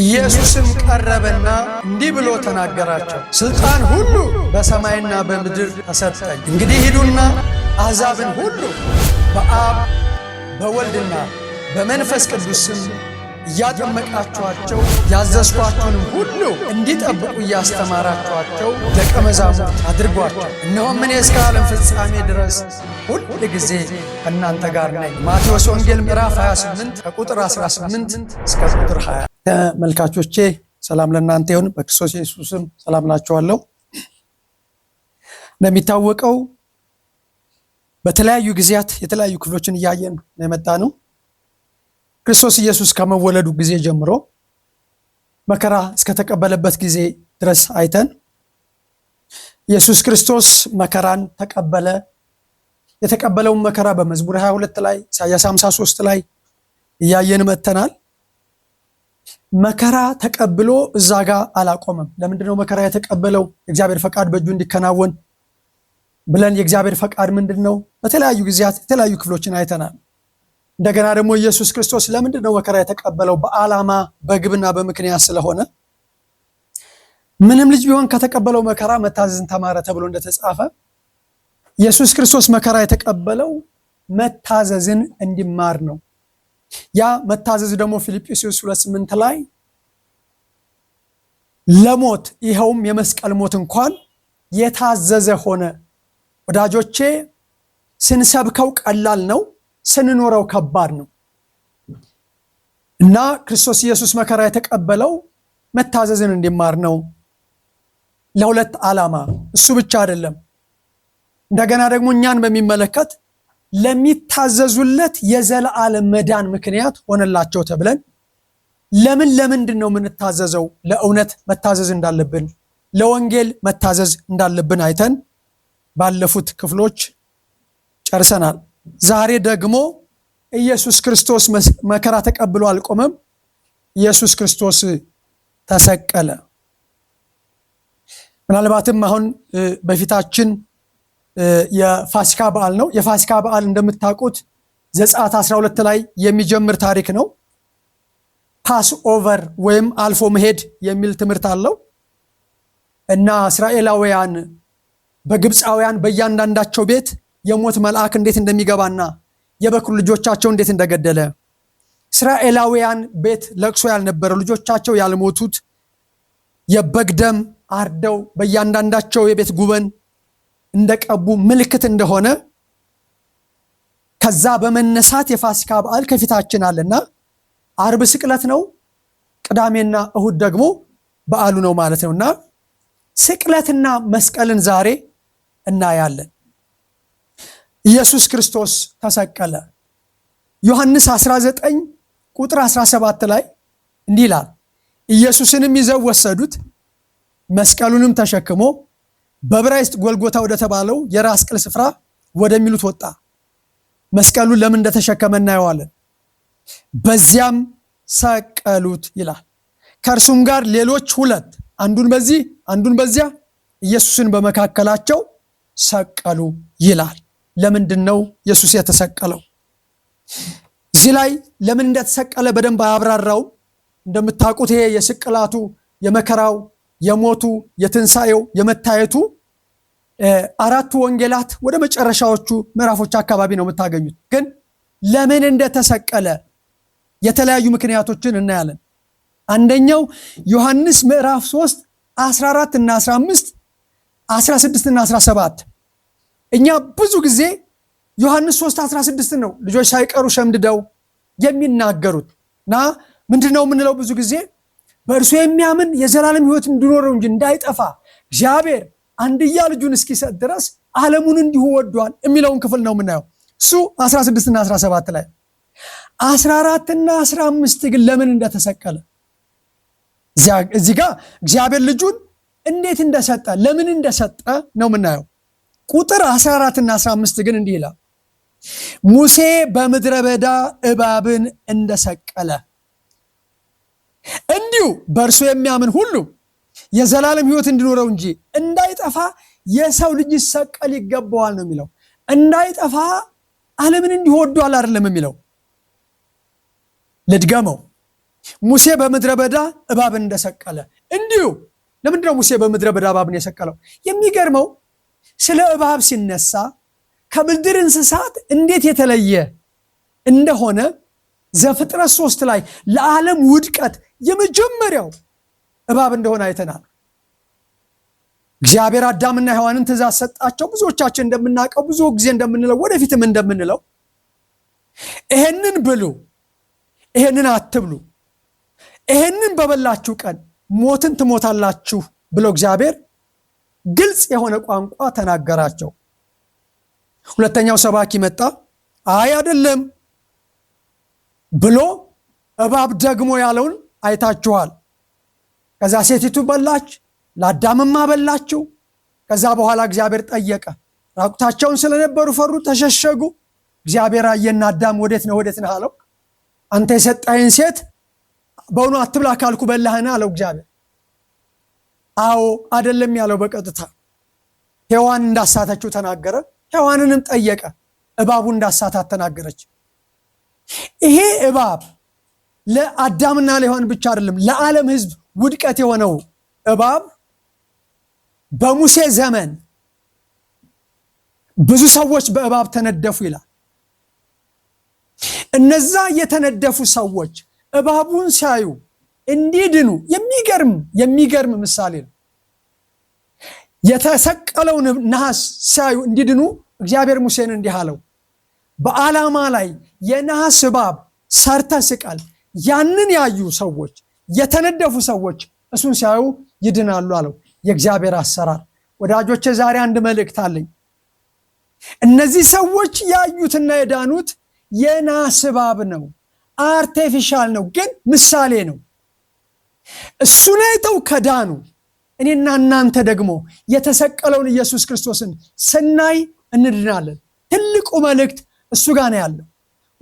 ኢየሱስም ቀረበና እንዲህ ብሎ ተናገራቸው፣ ሥልጣን ሁሉ በሰማይና በምድር ተሰጠኝ። እንግዲህ ሂዱና አሕዛብን ሁሉ በአብ በወልድና በመንፈስ ቅዱስ ስም እያጠመቃችኋቸው ያዘዝኳችሁንም ሁሉ እንዲጠብቁ እያስተማራችኋቸው ደቀ መዛሙርት አድርጓቸው። እነሆም እኔ እስከ ዓለም ፍጻሜ ድረስ ሁል ጊዜ ከእናንተ ጋር ነኝ። ማቴዎስ ወንጌል ምዕራፍ 28 ከቁጥር 18 እስከ ቁጥር 20 ተመልካቾቼ ሰላም ለእናንተ ይሁን። በክርስቶስ ኢየሱስም ሰላም ናችኋለሁ። እንደሚታወቀው በተለያዩ ጊዜያት የተለያዩ ክፍሎችን እያየን የመጣ ነው። ክርስቶስ ኢየሱስ ከመወለዱ ጊዜ ጀምሮ መከራ እስከተቀበለበት ጊዜ ድረስ አይተን ኢየሱስ ክርስቶስ መከራን ተቀበለ። የተቀበለውን መከራ በመዝሙር 22 ላይ ኢሳያስ 53 ላይ እያየን መተናል። መከራ ተቀብሎ እዛ ጋር አላቆመም። ለምንድነው መከራ የተቀበለው? እግዚአብሔር ፈቃድ በእጁ እንዲከናወን ብለን የእግዚአብሔር ፈቃድ ምንድን ነው? በተለያዩ ጊዜያት የተለያዩ ክፍሎችን አይተናል። እንደገና ደግሞ ኢየሱስ ክርስቶስ ለምንድን ነው መከራ የተቀበለው? በዓላማ በግብና በምክንያት ስለሆነ ምንም ልጅ ቢሆን ከተቀበለው መከራ መታዘዝን ተማረ ተብሎ እንደተጻፈ ኢየሱስ ክርስቶስ መከራ የተቀበለው መታዘዝን እንዲማር ነው። ያ መታዘዝ ደግሞ ፊልጵስዩስ ሁለት ስምንት ላይ ለሞት ይኸውም የመስቀል ሞት እንኳን የታዘዘ ሆነ። ወዳጆቼ ስንሰብከው ቀላል ነው፣ ስንኖረው ከባድ ነው እና ክርስቶስ ኢየሱስ መከራ የተቀበለው መታዘዝን እንዲማር ነው ለሁለት ዓላማ። እሱ ብቻ አይደለም፣ እንደገና ደግሞ እኛን በሚመለከት ለሚታዘዙለት የዘለዓለም መዳን ምክንያት ሆነላቸው ተብለን ለምን ለምንድን ነው የምንታዘዘው? ለእውነት መታዘዝ እንዳለብን ለወንጌል መታዘዝ እንዳለብን አይተን ባለፉት ክፍሎች ጨርሰናል። ዛሬ ደግሞ ኢየሱስ ክርስቶስ መከራ ተቀብሎ አልቆመም። ኢየሱስ ክርስቶስ ተሰቀለ። ምናልባትም አሁን በፊታችን የፋሲካ በዓል ነው። የፋሲካ በዓል እንደምታውቁት ዘጸአት 12 ላይ የሚጀምር ታሪክ ነው። ፓስ ኦቨር ወይም አልፎ መሄድ የሚል ትምህርት አለው እና እስራኤላውያን በግብፃውያን በእያንዳንዳቸው ቤት የሞት መልአክ እንዴት እንደሚገባና የበኩር ልጆቻቸው እንዴት እንደገደለ እስራኤላውያን ቤት ለቅሶ ያልነበረ ልጆቻቸው ያልሞቱት የበግ ደም አርደው በእያንዳንዳቸው የቤት ጉበን እንደቀቡ ምልክት እንደሆነ ከዛ በመነሳት የፋሲካ በዓል ከፊታችን አለና አርብ ስቅለት ነው፣ ቅዳሜና እሁድ ደግሞ በዓሉ ነው ማለት ነው እና ስቅለትና መስቀልን ዛሬ እናያለን። ኢየሱስ ክርስቶስ ተሰቀለ። ዮሐንስ 19 ቁጥር 17 ላይ እንዲህ ይላል፣ ኢየሱስንም ይዘው ወሰዱት፣ መስቀሉንም ተሸክሞ በብራይስጥ ጎልጎታ ወደተባለው የራስ ቅል ስፍራ ወደሚሉት ወጣ። መስቀሉን ለምን እንደተሸከመ እናየዋለን። በዚያም ሰቀሉት ይላል። ከእርሱም ጋር ሌሎች ሁለት፣ አንዱን በዚህ አንዱን በዚያ፣ ኢየሱስን በመካከላቸው ሰቀሉ ይላል። ለምንድን ነው ኢየሱስ የተሰቀለው? እዚህ ላይ ለምን እንደተሰቀለ በደንብ አያብራራውም። እንደምታውቁት ይሄ የስቅላቱ የመከራው የሞቱ የትንሣኤው የመታየቱ አራቱ ወንጌላት ወደ መጨረሻዎቹ ምዕራፎች አካባቢ ነው የምታገኙት። ግን ለምን እንደተሰቀለ የተለያዩ ምክንያቶችን እናያለን። አንደኛው ዮሐንስ ምዕራፍ 3 14 እና 15 16 እና 17 እኛ ብዙ ጊዜ ዮሐንስ 3 16 ነው ልጆች ሳይቀሩ ሸምድደው የሚናገሩት እና ምንድን ነው የምንለው ብዙ ጊዜ በእርሱ የሚያምን የዘላለም ህይወት እንዲኖረው እንጂ እንዳይጠፋ እግዚአብሔር አንድያ ልጁን እስኪሰጥ ድረስ ዓለሙን እንዲሁ ወዷል የሚለውን ክፍል ነው የምናየው። እሱ 16 እና 17 ላይ 14 እና 15 ግን ለምን እንደተሰቀለ እዚህ ጋ እግዚአብሔር ልጁን እንዴት እንደሰጠ ለምን እንደሰጠ ነው የምናየው። ቁጥር 14 እና 15 ግን እንዲህ ይላል፣ ሙሴ በምድረ በዳ እባብን እንደሰቀለ እንዲሁ በእርሱ የሚያምን ሁሉ የዘላለም ህይወት እንዲኖረው እንጂ እንዳይጠፋ የሰው ልጅ ይሰቀል ይገባዋል ነው የሚለው። እንዳይጠፋ ዓለምን እንዲሁ ወዷል አይደለም የሚለው። ልድገመው። ሙሴ በምድረ በዳ እባብን እንደሰቀለ እንዲሁ ለምንድነው ሙሴ በምድረ በዳ እባብን የሰቀለው? የሚገርመው ስለ እባብ ሲነሳ ከምድር እንስሳት እንዴት የተለየ እንደሆነ ዘፍጥረት ሶስት ላይ ለዓለም ውድቀት የመጀመሪያው እባብ እንደሆነ አይተናል። እግዚአብሔር አዳምና ሔዋንን ትእዛዝ ሰጣቸው። ብዙዎቻችን እንደምናውቀው ብዙ ጊዜ እንደምንለው ወደፊትም እንደምንለው ይሄንን ብሉ፣ ይሄንን አትብሉ፣ ይሄንን በበላችሁ ቀን ሞትን ትሞታላችሁ ብሎ እግዚአብሔር ግልጽ የሆነ ቋንቋ ተናገራቸው። ሁለተኛው ሰባኪ መጣ። አይ አይደለም ብሎ እባብ ደግሞ ያለውን አይታችኋል። ከዛ ሴቲቱ በላች፣ ለአዳምም አበላችው። ከዛ በኋላ እግዚአብሔር ጠየቀ። ራቁታቸውን ስለነበሩ ፈሩ፣ ተሸሸጉ። እግዚአብሔር አየና አዳም ወዴት ነው ወዴት ነህ አለው። አንተ የሰጣይን ሴት በውኑ አትብላ ካልኩ በላህን አለው እግዚአብሔር። አዎ አይደለም ያለው በቀጥታ ሔዋን እንዳሳተችው ተናገረ። ሔዋንንም ጠየቀ። እባቡ እንዳሳታት ተናገረች። ይሄ እባብ ለአዳምና ለሔዋን ብቻ አይደለም፣ ለዓለም ሕዝብ ውድቀት የሆነው እባብ በሙሴ ዘመን ብዙ ሰዎች በእባብ ተነደፉ ይላል። እነዛ የተነደፉ ሰዎች እባቡን ሲያዩ እንዲድኑ የሚገርም የሚገርም ምሳሌ ነው። የተሰቀለውን ነሐስ ሲያዩ እንዲድኑ እግዚአብሔር ሙሴን እንዲህ አለው፣ በዓላማ ላይ የነሐስ እባብ ሰርተ ስቀል ያንን ያዩ ሰዎች የተነደፉ ሰዎች እሱን ሲያዩ ይድናሉ አለው የእግዚአብሔር አሰራር። ወዳጆቼ ዛሬ አንድ መልእክት አለኝ። እነዚህ ሰዎች ያዩትና የዳኑት የናስ እባብ ነው፣ አርቴፊሻል ነው፣ ግን ምሳሌ ነው። እሱን አይተው ከዳኑ እኔና እናንተ ደግሞ የተሰቀለውን ኢየሱስ ክርስቶስን ስናይ እንድናለን። ትልቁ መልእክት እሱ ጋር ነው ያለው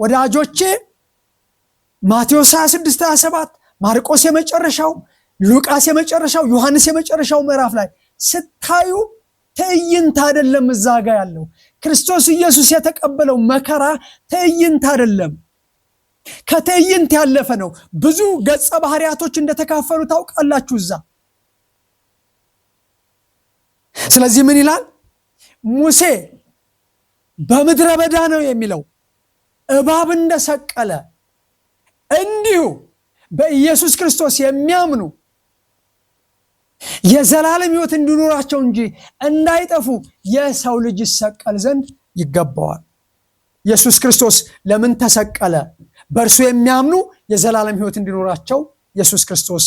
ወዳጆቼ ማቴዎስ 26 27 ማርቆስ የመጨረሻው ሉቃስ የመጨረሻው ዮሐንስ የመጨረሻው ምዕራፍ ላይ ስታዩ ትዕይንት አይደለም። እዛ ጋ ያለው ክርስቶስ ኢየሱስ የተቀበለው መከራ ትዕይንት አይደለም፣ ከትዕይንት ያለፈ ነው። ብዙ ገጸ ባህሪያቶች እንደተካፈሉ ታውቃላችሁ እዛ። ስለዚህ ምን ይላል ሙሴ በምድረ በዳ ነው የሚለው እባብ እንደሰቀለ እንዲሁ በኢየሱስ ክርስቶስ የሚያምኑ የዘላለም ሕይወት እንዲኖራቸው እንጂ እንዳይጠፉ የሰው ልጅ ይሰቀል ዘንድ ይገባዋል። ኢየሱስ ክርስቶስ ለምን ተሰቀለ? በእርሱ የሚያምኑ የዘላለም ሕይወት እንዲኖራቸው ኢየሱስ ክርስቶስ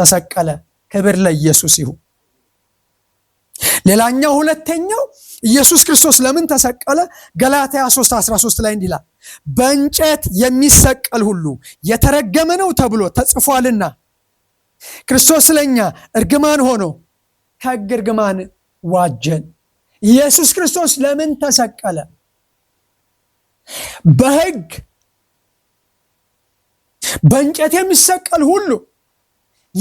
ተሰቀለ። ክብር ለኢየሱስ ይሁን። ሌላኛው ሁለተኛው ኢየሱስ ክርስቶስ ለምን ተሰቀለ? ገላትያ 3 13 ላይ እንዲላል ይላል በእንጨት የሚሰቀል ሁሉ የተረገመ ነው ተብሎ ተጽፏልና ክርስቶስ ለእኛ እርግማን ሆኖ ከሕግ እርግማን ዋጀን። ኢየሱስ ክርስቶስ ለምን ተሰቀለ? በሕግ በእንጨት የሚሰቀል ሁሉ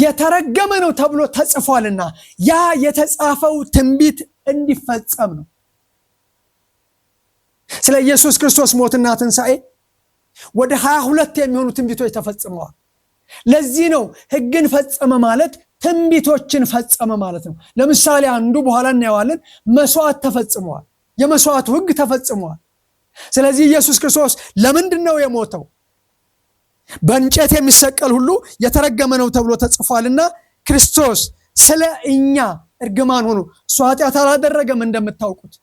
የተረገመ ነው ተብሎ ተጽፏልና ያ የተጻፈው ትንቢት እንዲፈጸም ነው። ስለ ኢየሱስ ክርስቶስ ሞትና ትንሣኤ ወደ ሀያ ሁለት የሚሆኑ ትንቢቶች ተፈጽመዋል። ለዚህ ነው ህግን ፈጸመ ማለት ትንቢቶችን ፈጸመ ማለት ነው። ለምሳሌ አንዱ በኋላ እናየዋለን። መስዋዕት ተፈጽመዋል። የመስዋዕቱ ህግ ተፈጽመዋል። ስለዚህ ኢየሱስ ክርስቶስ ለምንድን ነው የሞተው? በእንጨት የሚሰቀል ሁሉ የተረገመ ነው ተብሎ ተጽፏልና ክርስቶስ ስለ እኛ እርግማን ሆኖ እሱ ኃጢአት አላደረገም እንደምታውቁት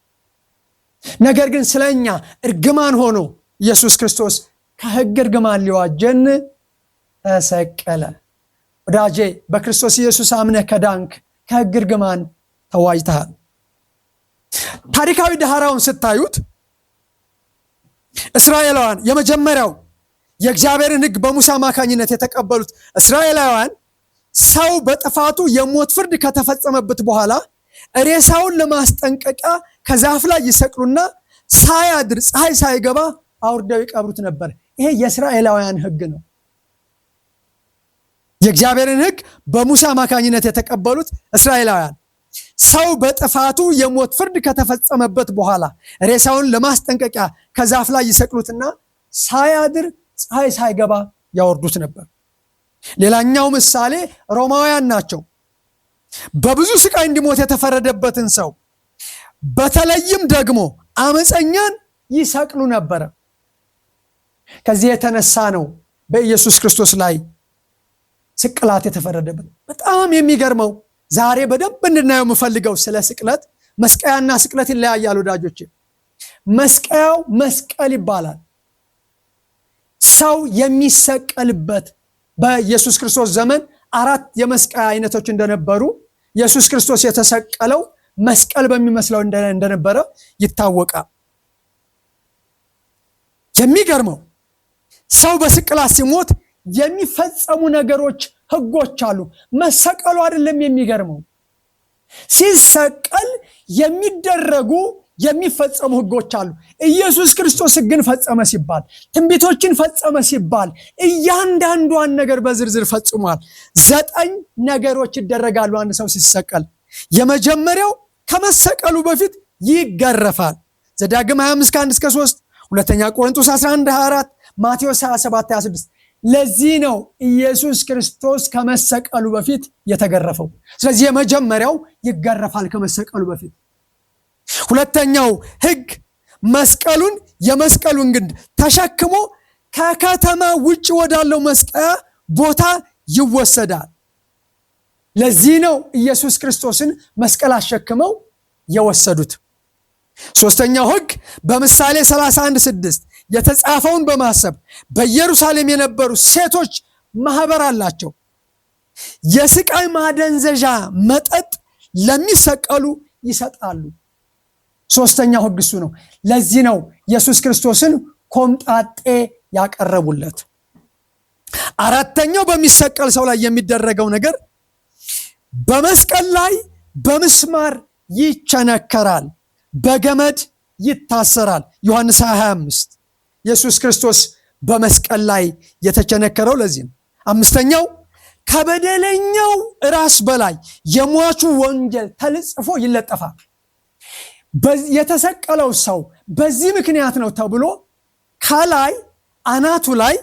ነገር ግን ስለ እኛ እርግማን ሆኖ ኢየሱስ ክርስቶስ ከሕግ እርግማን ሊዋጀን ተሰቀለ። ወዳጄ በክርስቶስ ኢየሱስ አምነህ ከዳንክ ከሕግ እርግማን ተዋጅተሃል። ታሪካዊ ዳህራውን ስታዩት እስራኤላውያን የመጀመሪያው የእግዚአብሔርን ሕግ በሙሴ አማካኝነት የተቀበሉት እስራኤላውያን ሰው በጥፋቱ የሞት ፍርድ ከተፈጸመበት በኋላ ሬሳውን ለማስጠንቀቂያ ከዛፍ ላይ ይሰቅሉና ሳያድር ፀሐይ ሳይገባ አውርደው ይቀብሩት ነበር። ይሄ የእስራኤላውያን ሕግ ነው። የእግዚአብሔርን ሕግ በሙሳ አማካኝነት የተቀበሉት እስራኤላውያን ሰው በጥፋቱ የሞት ፍርድ ከተፈጸመበት በኋላ ሬሳውን ለማስጠንቀቂያ ከዛፍ ላይ ይሰቅሉትና ሳያድር ፀሐይ ሳይገባ ያወርዱት ነበር። ሌላኛው ምሳሌ ሮማውያን ናቸው። በብዙ ስቃይ እንዲሞት የተፈረደበትን ሰው በተለይም ደግሞ አመፀኛን ይሰቅሉ ነበረ። ከዚህ የተነሳ ነው በኢየሱስ ክርስቶስ ላይ ስቅላት የተፈረደበት። በጣም የሚገርመው ዛሬ በደንብ እንድናየው የምፈልገው ስለ ስቅለት፣ መስቀያና ስቅለት ይለያያል ወዳጆች። መስቀያው መስቀል ይባላል። ሰው የሚሰቀልበት በኢየሱስ ክርስቶስ ዘመን አራት የመስቀያ አይነቶች እንደነበሩ ኢየሱስ ክርስቶስ የተሰቀለው መስቀል በሚመስለው እንደነበረ ይታወቃል። የሚገርመው ሰው በስቅላት ሲሞት የሚፈጸሙ ነገሮች ህጎች አሉ። መሰቀሉ አይደለም የሚገርመው፣ ሲሰቀል የሚደረጉ የሚፈጸሙ ህጎች አሉ። ኢየሱስ ክርስቶስ ህግን ፈጸመ ሲባል፣ ትንቢቶችን ፈጸመ ሲባል እያንዳንዷን ነገር በዝርዝር ፈጽሟል። ዘጠኝ ነገሮች ይደረጋሉ አንድ ሰው ሲሰቀል። የመጀመሪያው ከመሰቀሉ በፊት ይገረፋል። ዘዳግም 25 ከ1 እስከ 3፣ ሁለተኛ ቆሮንቶስ 11 24፣ ማቴዎስ 27 26 ለዚህ ነው ኢየሱስ ክርስቶስ ከመሰቀሉ በፊት የተገረፈው። ስለዚህ የመጀመሪያው ይገረፋል ከመሰቀሉ በፊት ሁለተኛው ህግ መስቀሉን የመስቀሉን ግንድ ተሸክሞ ከከተማ ውጭ ወዳለው መስቀያ ቦታ ይወሰዳል። ለዚህ ነው ኢየሱስ ክርስቶስን መስቀል አሸክመው የወሰዱት። ሶስተኛው ህግ በምሳሌ 31 ስድስት የተጻፈውን በማሰብ በኢየሩሳሌም የነበሩ ሴቶች ማህበር አላቸው። የስቃይ ማደንዘዣ መጠጥ ለሚሰቀሉ ይሰጣሉ። ሶስተኛው ህግ እሱ ነው። ለዚህ ነው ኢየሱስ ክርስቶስን ኮምጣጤ ያቀረቡለት። አራተኛው በሚሰቀል ሰው ላይ የሚደረገው ነገር በመስቀል ላይ በምስማር ይቸነከራል፣ በገመድ ይታሰራል። ዮሐንስ 25 ኢየሱስ ክርስቶስ በመስቀል ላይ የተቸነከረው ለዚህ ነው። አምስተኛው ከበደለኛው ራስ በላይ የሟቹ ወንጀል ተልጽፎ ይለጠፋል። የተሰቀለው ሰው በዚህ ምክንያት ነው ተብሎ ከላይ አናቱ ላይ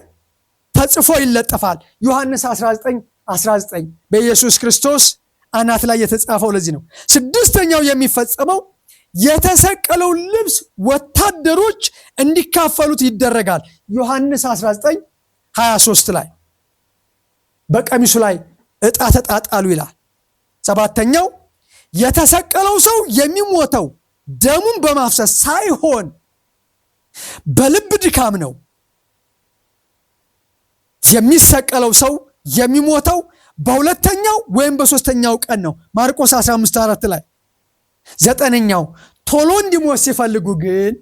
ተጽፎ ይለጠፋል። ዮሐንስ 19 19 በኢየሱስ ክርስቶስ አናት ላይ የተጻፈው ለዚህ ነው። ስድስተኛው የሚፈጸመው የተሰቀለው ልብስ ወታደሮች እንዲካፈሉት ይደረጋል። ዮሐንስ 19 23 ላይ በቀሚሱ ላይ እጣ ተጣጣሉ ይላል። ሰባተኛው የተሰቀለው ሰው የሚሞተው ደሙን በማፍሰስ ሳይሆን በልብ ድካም ነው የሚሰቀለው ሰው የሚሞተው በሁለተኛው ወይም በሶስተኛው ቀን ነው። ማርቆስ 15 አራት ላይ ዘጠነኛው ቶሎ እንዲሞት ሲፈልጉ ግን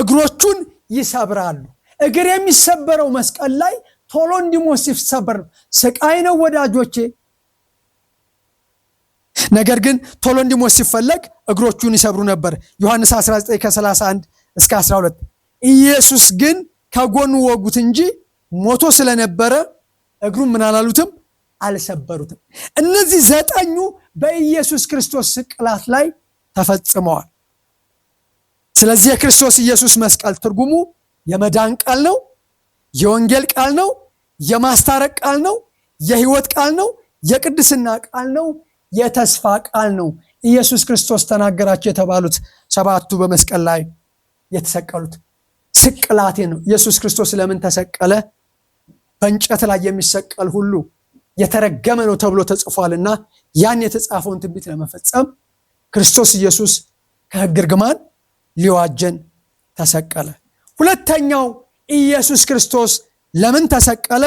እግሮቹን ይሰብራሉ። እግር የሚሰበረው መስቀል ላይ ቶሎ እንዲሞት ሲሰበር ነው። ስቃይ ነው ወዳጆቼ። ነገር ግን ቶሎ እንዲሞት ሲፈለግ እግሮቹን ይሰብሩ ነበር። ዮሐንስ 19 ከ31 እስከ 12 ኢየሱስ ግን ከጎኑ ወጉት እንጂ ሞቶ ስለነበረ እግሩን ምን አላሉትም አልሰበሩትም። እነዚህ ዘጠኙ በኢየሱስ ክርስቶስ ስቅላት ላይ ተፈጽመዋል። ስለዚህ የክርስቶስ ኢየሱስ መስቀል ትርጉሙ የመዳን ቃል ነው፣ የወንጌል ቃል ነው፣ የማስታረቅ ቃል ነው፣ የህይወት ቃል ነው፣ የቅድስና ቃል ነው የተስፋ ቃል ነው። ኢየሱስ ክርስቶስ ተናገራቸው የተባሉት ሰባቱ በመስቀል ላይ የተሰቀሉት ስቅላቴ ነው። ኢየሱስ ክርስቶስ ለምን ተሰቀለ? በእንጨት ላይ የሚሰቀል ሁሉ የተረገመ ነው ተብሎ ተጽፏልና ያን የተጻፈውን ትንቢት ለመፈጸም ክርስቶስ ኢየሱስ ከሕግ እርግማን ሊዋጀን ተሰቀለ። ሁለተኛው ኢየሱስ ክርስቶስ ለምን ተሰቀለ?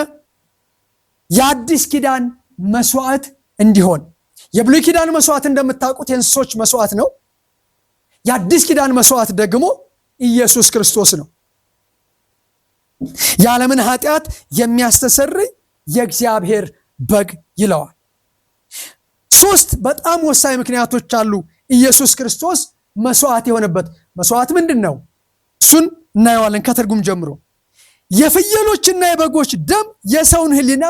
የአዲስ ኪዳን መስዋዕት እንዲሆን የብሉይ ኪዳን መስዋዕት እንደምታውቁት የእንስሶች መስዋዕት ነው። የአዲስ ኪዳን መስዋዕት ደግሞ ኢየሱስ ክርስቶስ ነው። የዓለምን ኃጢአት የሚያስተሰርይ የእግዚአብሔር በግ ይለዋል። ሶስት በጣም ወሳኝ ምክንያቶች አሉ ኢየሱስ ክርስቶስ መስዋዕት የሆነበት። መስዋዕት ምንድን ነው? እሱን እናየዋለን ከትርጉም ጀምሮ። የፍየሎችና የበጎች ደም የሰውን ህሊና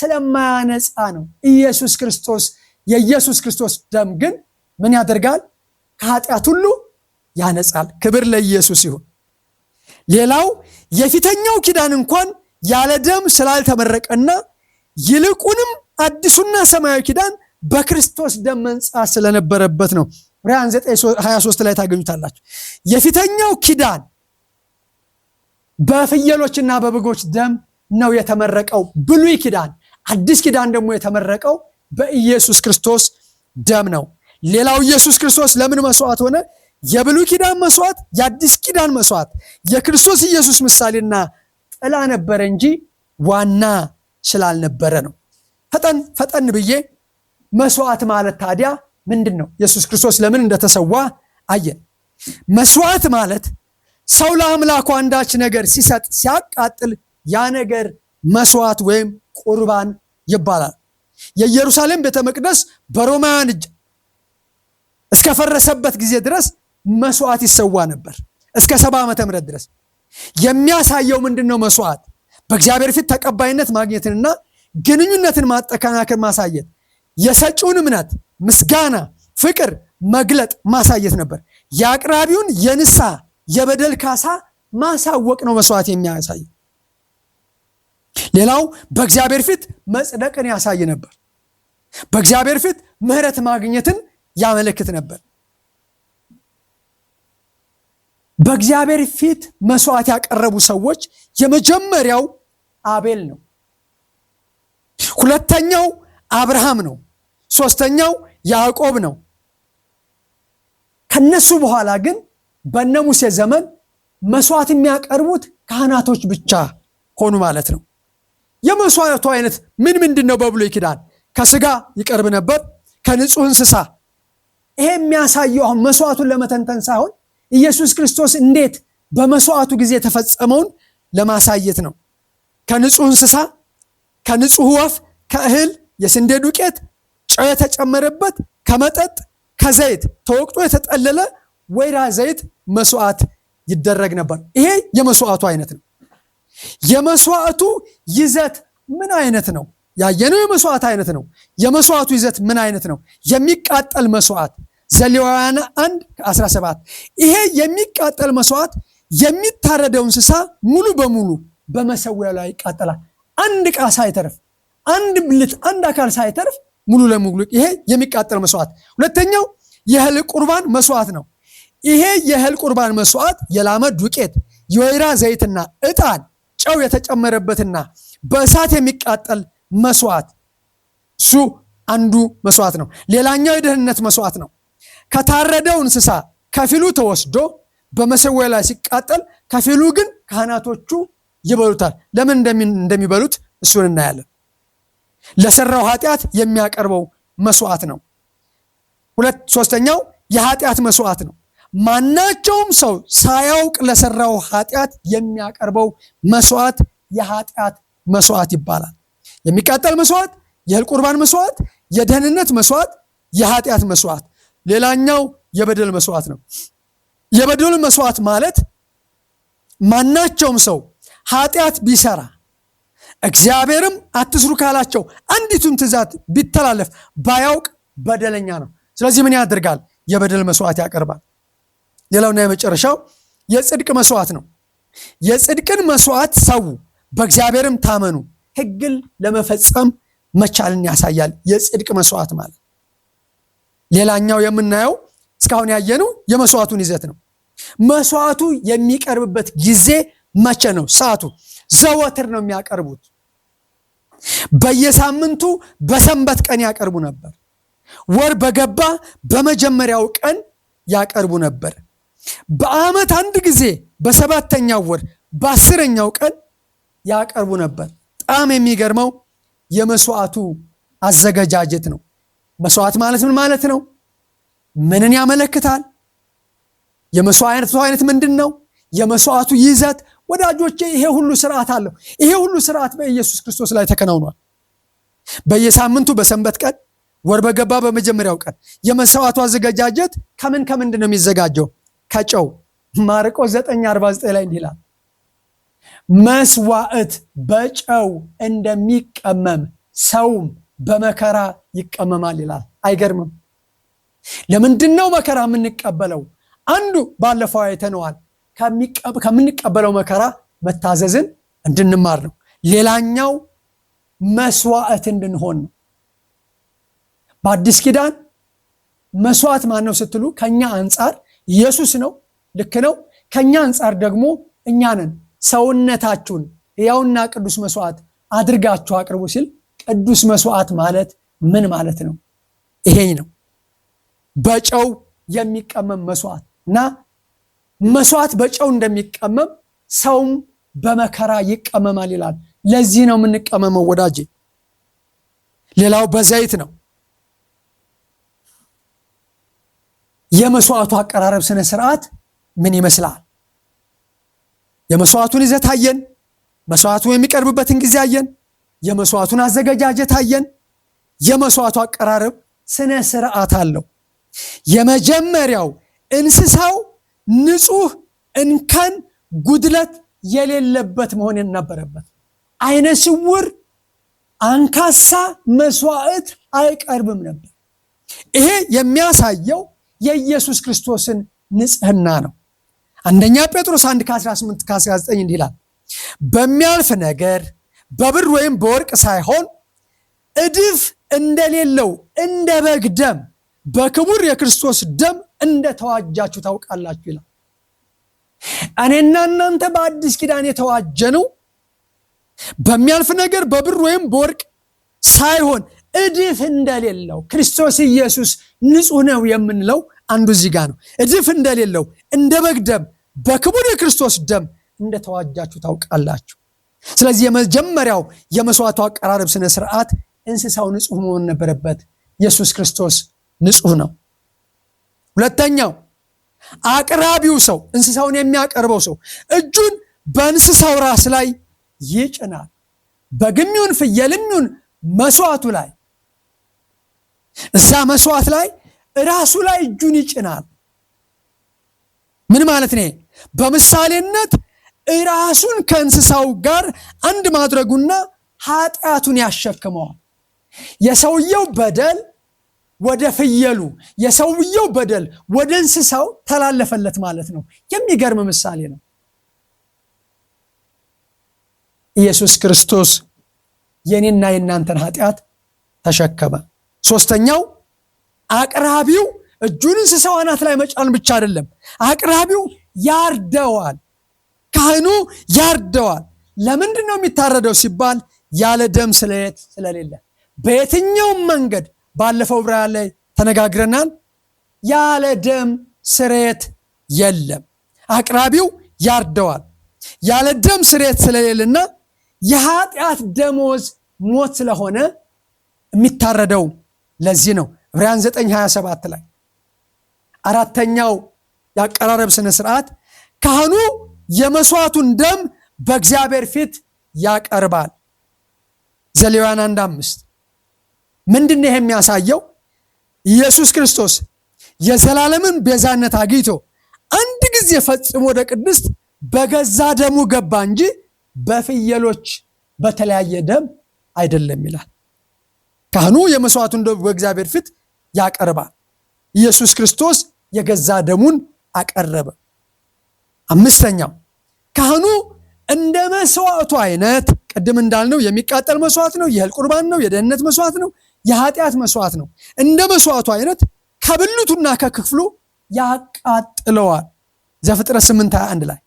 ስለማያነጻ ነው ኢየሱስ ክርስቶስ የኢየሱስ ክርስቶስ ደም ግን ምን ያደርጋል? ከኃጢአት ሁሉ ያነጻል። ክብር ለኢየሱስ ይሁን። ሌላው የፊተኛው ኪዳን እንኳን ያለ ደም ስላልተመረቀና ይልቁንም አዲሱና ሰማያዊ ኪዳን በክርስቶስ ደም መንጻት ስለነበረበት ነው። ዕብራውያን 9:23 ላይ ታገኙታላችሁ። የፊተኛው ኪዳን በፍየሎችና በበጎች ደም ነው የተመረቀው ብሉይ ኪዳን። አዲስ ኪዳን ደግሞ የተመረቀው በኢየሱስ ክርስቶስ ደም ነው። ሌላው ኢየሱስ ክርስቶስ ለምን መስዋዕት ሆነ? የብሉይ ኪዳን መስዋዕት፣ የአዲስ ኪዳን መስዋዕት የክርስቶስ ኢየሱስ ምሳሌና ጥላ ነበረ እንጂ ዋና ስላልነበረ ነው። ፈጠን ፈጠን ብዬ መስዋዕት ማለት ታዲያ ምንድን ነው? ኢየሱስ ክርስቶስ ለምን እንደተሰዋ አየን። መስዋዕት ማለት ሰው ለአምላኩ አንዳች ነገር ሲሰጥ ሲያቃጥል ያ ነገር መስዋዕት ወይም ቁርባን ይባላል። የኢየሩሳሌም ቤተ መቅደስ በሮማውያን እጅ እስከፈረሰበት ጊዜ ድረስ መስዋዕት ይሰዋ ነበር፣ እስከ ሰባ ዓመተ ምህረት ድረስ። የሚያሳየው ምንድን ነው? መስዋዕት በእግዚአብሔር ፊት ተቀባይነት ማግኘትንና ግንኙነትን ማጠናከር ማሳየት፣ የሰጪውን እምነት፣ ምስጋና፣ ፍቅር መግለጥ ማሳየት ነበር። የአቅራቢውን የንሳ የበደል ካሳ ማሳወቅ ነው መስዋዕት የሚያሳየው። ሌላው በእግዚአብሔር ፊት መጽደቅን ያሳይ ነበር። በእግዚአብሔር ፊት ምሕረት ማግኘትን ያመለክት ነበር። በእግዚአብሔር ፊት መስዋዕት ያቀረቡ ሰዎች የመጀመሪያው አቤል ነው። ሁለተኛው አብርሃም ነው። ሶስተኛው ያዕቆብ ነው። ከነሱ በኋላ ግን በነ ሙሴ ዘመን መስዋዕት የሚያቀርቡት ካህናቶች ብቻ ሆኑ ማለት ነው። የመስዋዕቱ አይነት ምን ምንድን ነው? በብሉይ ኪዳን ከስጋ ይቀርብ ነበር፣ ከንጹህ እንስሳ። ይሄ የሚያሳየው አሁን መስዋዕቱን ለመተንተን ሳይሆን ኢየሱስ ክርስቶስ እንዴት በመስዋዕቱ ጊዜ የተፈጸመውን ለማሳየት ነው። ከንጹህ እንስሳ፣ ከንጹህ ወፍ፣ ከእህል የስንዴ ዱቄት፣ ጨው የተጨመረበት፣ ከመጠጥ፣ ከዘይት ተወቅጦ የተጠለለ ወይራ ዘይት መስዋዕት ይደረግ ነበር። ይሄ የመስዋዕቱ አይነት ነው። የመስዋዕቱ ይዘት ምን አይነት ነው? ያየነው የመስዋዕት አይነት ነው። የመስዋዕቱ ይዘት ምን አይነት ነው? የሚቃጠል መስዋዕት ዘሌዋውያን 1 17 ይሄ የሚቃጠል መስዋዕት የሚታረደው እንስሳ ሙሉ በሙሉ በመሰዊያ ላይ ይቃጠላል። አንድ ዕቃ ሳይተርፍ፣ አንድ ብልት፣ አንድ አካል ሳይተርፍ ሙሉ ለሙሉ ይሄ የሚቃጠል መስዋዕት። ሁለተኛው የእህል ቁርባን መስዋዕት ነው። ይሄ የእህል ቁርባን መስዋዕት የላመ ዱቄት፣ የወይራ ዘይትና ዕጣን ጨው የተጨመረበትና በእሳት የሚቃጠል መስዋዕት እሱ አንዱ መስዋዕት ነው። ሌላኛው የደህንነት መስዋዕት ነው። ከታረደው እንስሳ ከፊሉ ተወስዶ በመሰዊያ ላይ ሲቃጠል፣ ከፊሉ ግን ካህናቶቹ ይበሉታል። ለምን እንደሚበሉት እሱን እናያለን። ለሰራው ኃጢአት የሚያቀርበው መስዋዕት ነው። ሁለት ሶስተኛው የኃጢአት መስዋዕት ነው። ማናቸውም ሰው ሳያውቅ ለሰራው ኃጢአት የሚያቀርበው መስዋዕት የኃጢአት መስዋዕት ይባላል። የሚቃጠል መስዋዕት፣ የእህል ቁርባን መስዋዕት፣ የደህንነት መስዋዕት፣ የኃጢአት መስዋዕት፣ ሌላኛው የበደል መስዋዕት ነው። የበደሉ መስዋዕት ማለት ማናቸውም ሰው ኃጢአት ቢሰራ እግዚአብሔርም አትስሩ ካላቸው አንዲቱን ትእዛዝ ቢተላለፍ ባያውቅ በደለኛ ነው። ስለዚህ ምን ያደርጋል? የበደል መስዋዕት ያቀርባል። ሌላውና የመጨረሻው የጽድቅ መስዋዕት ነው። የጽድቅን መስዋዕት ሰው በእግዚአብሔርም ታመኑ ህግን ለመፈጸም መቻልን ያሳያል። የጽድቅ መስዋዕት ማለት ሌላኛው የምናየው እስካሁን ያየነው የመስዋዕቱን ይዘት ነው። መስዋዕቱ የሚቀርብበት ጊዜ መቼ ነው? ሰዓቱ ዘወትር ነው የሚያቀርቡት። በየሳምንቱ በሰንበት ቀን ያቀርቡ ነበር። ወር በገባ በመጀመሪያው ቀን ያቀርቡ ነበር። በዓመት አንድ ጊዜ በሰባተኛው ወር በአስረኛው ቀን ያቀርቡ ነበር። በጣም የሚገርመው የመስዋዕቱ አዘገጃጀት ነው። መስዋዕት ማለት ምን ማለት ነው? ምንን ያመለክታል? የመስዋዕቱ አይነት ምንድን ነው? የመስዋዕቱ ይዘት ወዳጆቼ፣ ይሄ ሁሉ ስርዓት አለው። ይሄ ሁሉ ስርዓት በኢየሱስ ክርስቶስ ላይ ተከናውኗል። በየሳምንቱ በሰንበት ቀን፣ ወር በገባ በመጀመሪያው ቀን የመስዋዕቱ አዘገጃጀት ከምን ከምንድን ነው የሚዘጋጀው? ከጨው ማርቆስ 9፥49 ላይ እንዲላል መስዋዕት በጨው እንደሚቀመም ሰውም በመከራ ይቀመማል ይላል። አይገርምም? ለምንድን ነው መከራ የምንቀበለው? አንዱ ባለፈው አይተነዋል። ከምንቀበለው መከራ መታዘዝን እንድንማር ነው። ሌላኛው መስዋዕት እንድንሆን ነው። በአዲስ ኪዳን መስዋዕት ማን ነው ስትሉ ከኛ አንጻር ኢየሱስ ነው። ልክ ነው። ከእኛ አንጻር ደግሞ እኛ ነን። ሰውነታችሁን ሕያውና ቅዱስ መስዋዕት አድርጋችሁ አቅርቡ ሲል ቅዱስ መስዋዕት ማለት ምን ማለት ነው? ይሄኝ ነው በጨው የሚቀመም መስዋዕት እና መስዋዕት በጨው እንደሚቀመም ሰውም በመከራ ይቀመማል ይላል። ለዚህ ነው የምንቀመመው ወዳጄ። ሌላው በዘይት ነው። የመስዋዕቱ አቀራረብ ስነ ስርዓት ምን ይመስላል? የመስዋዕቱን ይዘት አየን። መስዋዕቱ የሚቀርብበትን ጊዜ አየን። የመስዋዕቱን አዘገጃጀት አየን። የመስዋዕቱ አቀራረብ ስነ ስርዓት አለው። የመጀመሪያው እንስሳው ንጹህ እንከን፣ ጉድለት የሌለበት መሆን ነበረበት። አይነ ስውር አንካሳ መስዋዕት አይቀርብም ነበር። ይሄ የሚያሳየው የኢየሱስ ክርስቶስን ንጽህና ነው። አንደኛ ጴጥሮስ 1 ከ18 ከ19 እንዲህ ይላል፣ በሚያልፍ ነገር በብር ወይም በወርቅ ሳይሆን እድፍ እንደሌለው እንደ በግ ደም በክቡር የክርስቶስ ደም እንደተዋጃችሁ ታውቃላችሁ ይላል። እኔና እናንተ በአዲስ ኪዳን የተዋጀነው በሚያልፍ ነገር በብር ወይም በወርቅ ሳይሆን እድፍ እንደሌለው ክርስቶስ ኢየሱስ ንጹህ ነው የምንለው አንዱ እዚህ ጋር ነው። እድፍ እንደሌለው እንደ በግ ደም በክቡር የክርስቶስ ደም እንደተዋጃችሁ ታውቃላችሁ። ስለዚህ የመጀመሪያው የመስዋዕቱ አቀራረብ ስነ ስርዓት እንስሳው ንጹህ መሆን ነበረበት። ኢየሱስ ክርስቶስ ንጹህ ነው። ሁለተኛው አቅራቢው ሰው እንስሳውን የሚያቀርበው ሰው እጁን በእንስሳው ራስ ላይ ይጭናል። በግሚውን ፍየልሚውን መስዋዕቱ ላይ እዛ መስዋዕት ላይ ራሱ ላይ እጁን ይጭናል። ምን ማለት ነው? በምሳሌነት ራሱን ከእንስሳው ጋር አንድ ማድረጉና ኃጢአቱን ያሸክመዋል። የሰውየው በደል ወደ ፍየሉ፣ የሰውየው በደል ወደ እንስሳው ተላለፈለት ማለት ነው። የሚገርም ምሳሌ ነው። ኢየሱስ ክርስቶስ የኔና የእናንተን ኃጢአት ተሸከመ። ሶስተኛው አቅራቢው እጁን እንስሳው አናት ላይ መጫን ብቻ አይደለም፣ አቅራቢው ያርደዋል። ካህኑ ያርደዋል። ለምንድን ነው የሚታረደው ሲባል ያለ ደም ስለየት ስለሌለ በየትኛውም መንገድ ባለፈው ዕብራውያን ላይ ተነጋግረናል። ያለ ደም ስርየት የለም። አቅራቢው ያርደዋል። ያለ ደም ስርየት ስለሌለና የኃጢአት ደሞዝ ሞት ስለሆነ የሚታረደው ለዚህ ነው። ዕብራውያን 9:27 ላይ አራተኛው የአቀራረብ ስነ ስርዓት ካህኑ የመስዋዕቱን ደም በእግዚአብሔር ፊት ያቀርባል። ዘሌዋውያን አንድ አምስት ምንድን ነው የሚያሳየው? ኢየሱስ ክርስቶስ የዘላለምን ቤዛነት አግኝቶ አንድ ጊዜ ፈጽሞ ወደ ቅድስት በገዛ ደሙ ገባ እንጂ በፍየሎች በተለያየ ደም አይደለም ይላል። ካህኑ የመስዋዕቱን ደም በእግዚአብሔር ፊት ያቀርባል። ኢየሱስ ክርስቶስ የገዛ ደሙን አቀረበ። አምስተኛው ካህኑ እንደ መስዋዕቱ አይነት ቅድም እንዳልነው የሚቃጠል መስዋዕት ነው፣ የእህል ቁርባን ነው፣ የደህንነት መስዋዕት ነው፣ የኃጢአት መስዋዕት ነው። እንደ መስዋዕቱ አይነት ከብልቱና ከክፍሉ ያቃጥለዋል። ዘፍጥረት 8 21 ላይ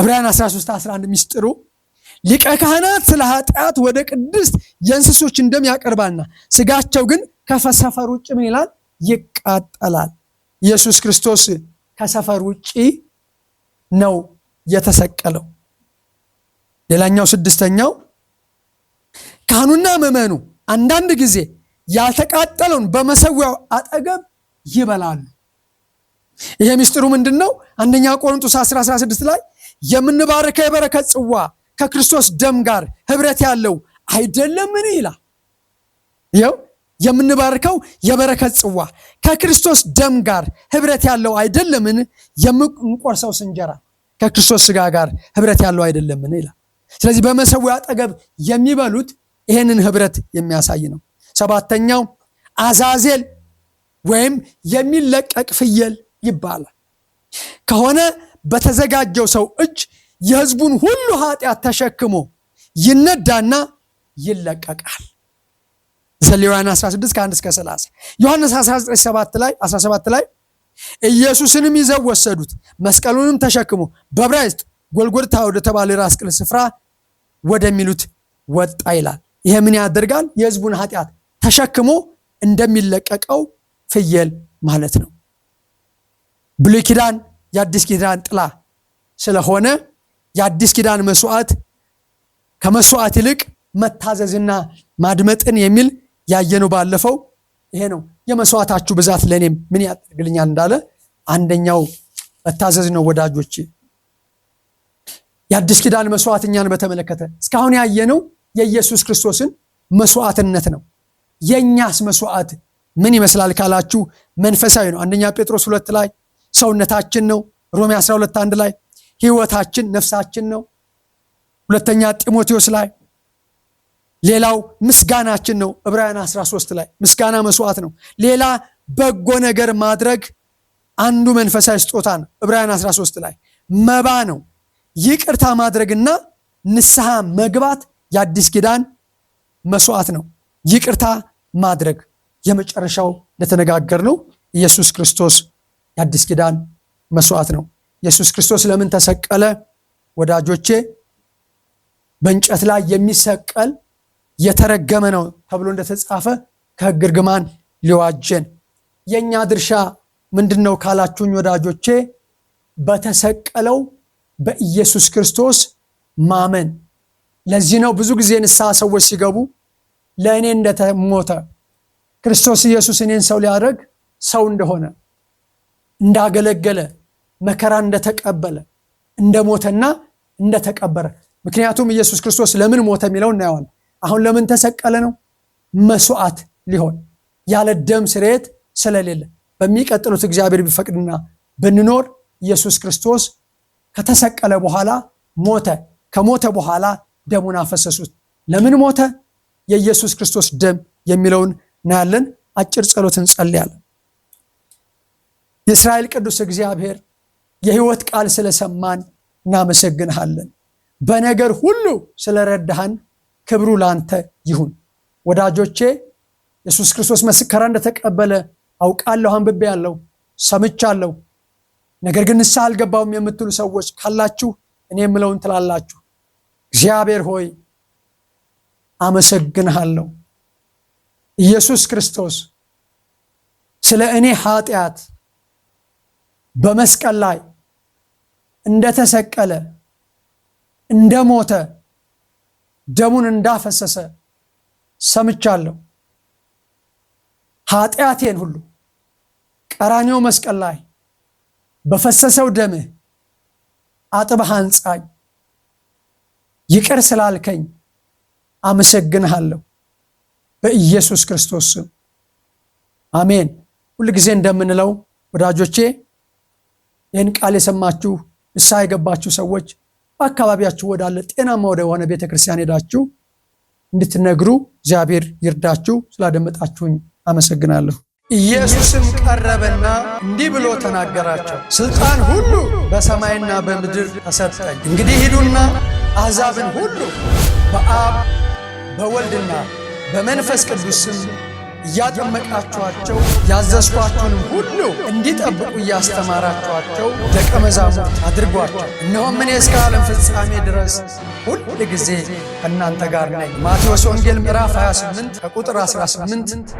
ዕብራውያን 13 11 ሚስጥሩ ሊቀ ካህናት ስለ ኃጢአት ወደ ቅድስት የእንስሶች እንደም ያቀርባልና ስጋቸው ግን ከሰፈር ውጭ ምን ይላል? ይቃጠላል። ኢየሱስ ክርስቶስ ከሰፈር ውጭ ነው የተሰቀለው። ሌላኛው ስድስተኛው ካህኑና ምዕመኑ አንዳንድ ጊዜ ያልተቃጠለውን በመሰዊያው አጠገብ ይበላሉ። ይሄ ምስጢሩ ምንድን ነው? አንደኛ ቆሮንቶስ 10 16 ላይ የምንባርከው የበረከት ጽዋ ከክርስቶስ ደም ጋር ህብረት ያለው አይደለምን ይላል። ይኸው የምንባርከው የበረከት ጽዋ ከክርስቶስ ደም ጋር ህብረት ያለው አይደለምን? የምንቆርሰው ስንጀራ ከክርስቶስ ስጋ ጋር ህብረት ያለው አይደለምን ይላል። ስለዚህ በመሰዊያ አጠገብ የሚበሉት ይህንን ህብረት የሚያሳይ ነው። ሰባተኛው አዛዜል ወይም የሚለቀቅ ፍየል ይባላል ከሆነ በተዘጋጀው ሰው እጅ የህዝቡን ሁሉ ኃጢአት ተሸክሞ ይነዳና ይለቀቃል። ዘሌዋውያን 16 ከ1 እስከ 30 ዮሐንስ 19 ላይ 17 ላይ ኢየሱስንም ይዘው ወሰዱት፣ መስቀሉንም ተሸክሞ በዕብራይስጥ ጎልጎልታ ወደ ተባለ ራስ ቅል ስፍራ ወደሚሉት ወጣ ይላል። ይሄ ምን ያደርጋል? የህዝቡን ኃጢአት ተሸክሞ እንደሚለቀቀው ፍየል ማለት ነው። ብሉይ ኪዳን የአዲስ ኪዳን ጥላ ስለሆነ የአዲስ ኪዳን መስዋዕት ከመስዋዕት ይልቅ መታዘዝና ማድመጥን የሚል ያየነው ባለፈው ይሄ ነው። የመስዋዕታችሁ ብዛት ለእኔም ምን ያደርግልኛል እንዳለ አንደኛው መታዘዝ ነው። ወዳጆች የአዲስ ኪዳን መስዋዕት እኛን በተመለከተ እስካሁን ያየነው የኢየሱስ ክርስቶስን መስዋዕትነት ነው። የእኛስ መስዋዕት ምን ይመስላል ካላችሁ መንፈሳዊ ነው። አንደኛ ጴጥሮስ ሁለት ላይ ሰውነታችን ነው። ሮሜ 12 አንድ ላይ ህይወታችን ነፍሳችን ነው። ሁለተኛ ጢሞቴዎስ ላይ ሌላው ምስጋናችን ነው። ዕብራውያን 13 ላይ ምስጋና መስዋዕት ነው። ሌላ በጎ ነገር ማድረግ አንዱ መንፈሳዊ ስጦታ ነው። ዕብራውያን 13 ላይ መባ ነው። ይቅርታ ማድረግና ንስሐ መግባት የአዲስ ኪዳን መስዋዕት ነው። ይቅርታ ማድረግ የመጨረሻው ነው ኢየሱስ ክርስቶስ የአዲስ ኪዳን መስዋዕት ነው። ኢየሱስ ክርስቶስ ለምን ተሰቀለ? ወዳጆቼ በእንጨት ላይ የሚሰቀል የተረገመ ነው ተብሎ እንደተጻፈ ከሕግ እርግማን ሊዋጀን። የእኛ ድርሻ ምንድን ነው ካላችሁኝ ወዳጆቼ በተሰቀለው በኢየሱስ ክርስቶስ ማመን። ለዚህ ነው ብዙ ጊዜ ንስሐ ሰዎች ሲገቡ ለእኔ እንደተሞተ ክርስቶስ ኢየሱስ እኔን ሰው ሊያደርግ ሰው እንደሆነ እንዳገለገለ መከራ እንደተቀበለ እንደሞተና እንደተቀበረ። ምክንያቱም ኢየሱስ ክርስቶስ ለምን ሞተ የሚለው እናየዋለን። አሁን ለምን ተሰቀለ ነው መስዋዕት ሊሆን ያለ ደም ስርየት ስለሌለ በሚቀጥሉት እግዚአብሔር ቢፈቅድና ብንኖር ኢየሱስ ክርስቶስ ከተሰቀለ በኋላ ሞተ። ከሞተ በኋላ ደሙን አፈሰሱት። ለምን ሞተ? የኢየሱስ ክርስቶስ ደም የሚለውን እናያለን። አጭር ጸሎት እንጸልያለን። የእስራኤል ቅዱስ እግዚአብሔር የህይወት ቃል ስለሰማን እናመሰግንሃለን። በነገር ሁሉ ስለረዳህን ክብሩ ላንተ ይሁን። ወዳጆቼ ኢየሱስ ክርስቶስ መስከራ እንደተቀበለ አውቃለሁ፣ አንብቤ ያለው ሰምቻለሁ። ነገር ግን ንስሐ አልገባውም የምትሉ ሰዎች ካላችሁ እኔ የምለውን ትላላችሁ። እግዚአብሔር ሆይ አመሰግንሃለሁ። ኢየሱስ ክርስቶስ ስለ እኔ ኃጢአት በመስቀል ላይ እንደተሰቀለ እንደሞተ ደሙን እንዳፈሰሰ ሰምቻለሁ። ኃጢአቴን ሁሉ ቀራኔው መስቀል ላይ በፈሰሰው ደምህ አጥበህ አንጻኝ። ይቅር ስላልከኝ አመሰግንሃለሁ። በኢየሱስ ክርስቶስ ስም አሜን። ሁልጊዜ እንደምንለው ወዳጆቼ ይህን ቃል የሰማችሁ እሳ የገባችሁ ሰዎች በአካባቢያችሁ ወዳለ ጤናማ ወደሆነ ቤተክርስቲያን ሄዳችሁ እንድትነግሩ እግዚአብሔር ይርዳችሁ። ስላደመጣችሁኝ አመሰግናለሁ። ኢየሱስም ቀረበና እንዲህ ብሎ ተናገራቸው፣ ሥልጣን ሁሉ በሰማይና በምድር ተሰጠኝ። እንግዲህ ሂዱና አሕዛብን ሁሉ በአብ በወልድና በመንፈስ ቅዱስ ስም እያጠመቃችኋቸው ያዘዝኳችሁንም ሁሉ እንዲጠብቁ እያስተማራችኋቸው ደቀ መዛሙርት አድርጓቸው። እነሆም እኔ እስከ ዓለም ፍጻሜ ድረስ ሁል ጊዜ ከእናንተ ጋር ነኝ። ማቴዎስ ወንጌል ምዕራፍ 28 ከቁጥር 18